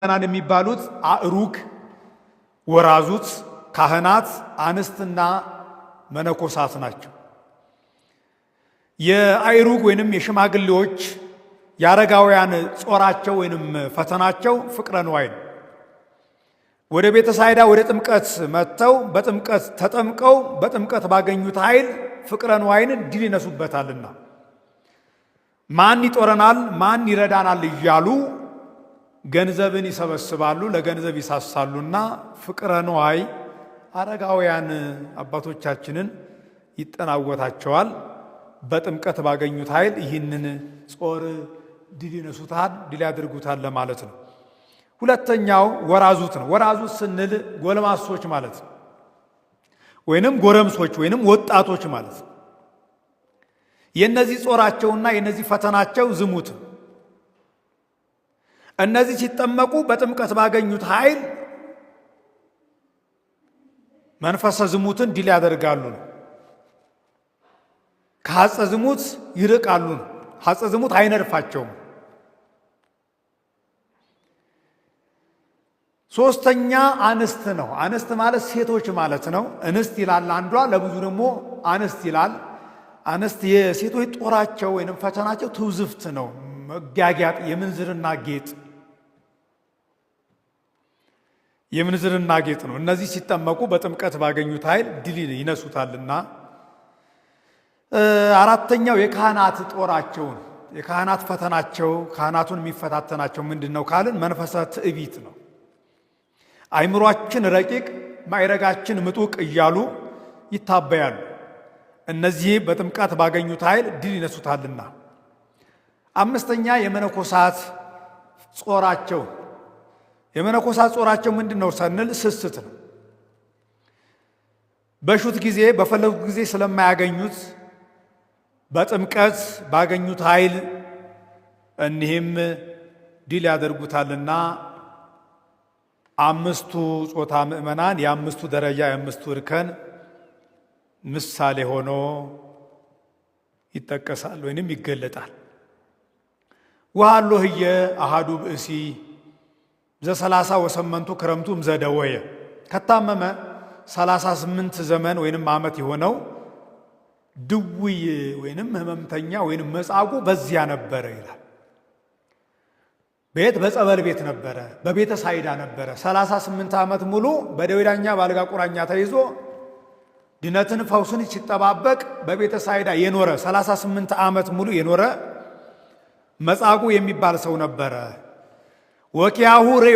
ምዕመናን የሚባሉት አእሩግ፣ ወራዙት፣ ካህናት፣ አንስትና መነኮሳት ናቸው። የአእሩግ ወይንም የሽማግሌዎች የአረጋውያን ጾራቸው ወይንም ፈተናቸው ፍቅረ ንዋይ ነው። ወደ ቤተ ሳይዳ ወደ ጥምቀት መጥተው በጥምቀት ተጠምቀው በጥምቀት ባገኙት ኃይል ፍቅረ ንዋይን ድል ይነሱበታልና ማን ይጦረናል፣ ማን ይረዳናል እያሉ ገንዘብን ይሰበስባሉ፣ ለገንዘብ ይሳሳሉና ፍቅረ ነዋይ አረጋውያን አባቶቻችንን ይጠናወታቸዋል። በጥምቀት ባገኙት ኃይል ይህንን ጾር ድል ይነሱታል፣ ድል ለማለት ነው። ሁለተኛው ወራዙት ነው። ወራዙት ስንል ጎልማሶች ማለት ነው፣ ወይንም ጎረምሶች ወይንም ወጣቶች ማለት ነው። የእነዚህ ጾራቸውና የእነዚህ ፈተናቸው ዝሙት ነው። እነዚህ ሲጠመቁ በጥምቀት ባገኙት ኃይል መንፈሰ ዝሙትን ድል ያደርጋሉ ነው። ከሐፀ ዝሙት ይርቃሉ ነው። ሐፀ ዝሙት አይነድፋቸውም። ሶስተኛ አንስት ነው። አንስት ማለት ሴቶች ማለት ነው። እንስት ይላል አንዷ፣ ለብዙ ደግሞ አንስት ይላል። አንስት የሴቶች ጦራቸው ወይም ፈተናቸው ትውዝፍት ነው፣ መጋጊያጥ፣ የምንዝርና ጌጥ የምንዝርና ጌጥ ነው። እነዚህ ሲጠመቁ በጥምቀት ባገኙት ኃይል ድል ይነሱታልና። አራተኛው የካህናት ጦራቸውን የካህናት ፈተናቸው ካህናቱን የሚፈታተናቸው ምንድን ነው ካልን መንፈሰ ትዕቢት ነው። አይምሯችን ረቂቅ ማይረጋችን ምጡቅ እያሉ ይታበያሉ። እነዚህ በጥምቀት ባገኙት ኃይል ድል ይነሱታልና። አምስተኛ የመነኮሳት ጾራቸው የመነኮሳት ጾራቸው ምንድን ነው ስንል ስስት ነው። በሹት ጊዜ በፈለጉት ጊዜ ስለማያገኙት በጥምቀት ባገኙት ኃይል እኒህም ድል ያደርጉታልና አምስቱ ጾታ ምእመናን የአምስቱ ደረጃ የአምስቱ እርከን ምሳሌ ሆኖ ይጠቀሳል ወይንም ይገለጣል። ውሃሎህየ አሃዱ ብእሲ ዘሰላሳ ወሰመንቱ ክረምቱም ዘደወየ ከታመመ 38 ዘመን ወይንም ዓመት የሆነው ድውይ ወይንም ህመምተኛ ወይንም መጻጉ በዚያ ነበረ ይላል። ቤት በጸበል ቤት ነበረ፣ በቤተ ሳይዳ ነበረ። 38 ዓመት ሙሉ በደዌ ዳኛ በአልጋ ቁራኛ ተይዞ ድነትን ፈውስን ሲጠባበቅ በቤተ ሳይዳ የኖረ 38 ዓመት ሙሉ የኖረ መጻጉ የሚባል ሰው ነበረ። ወኪያሁ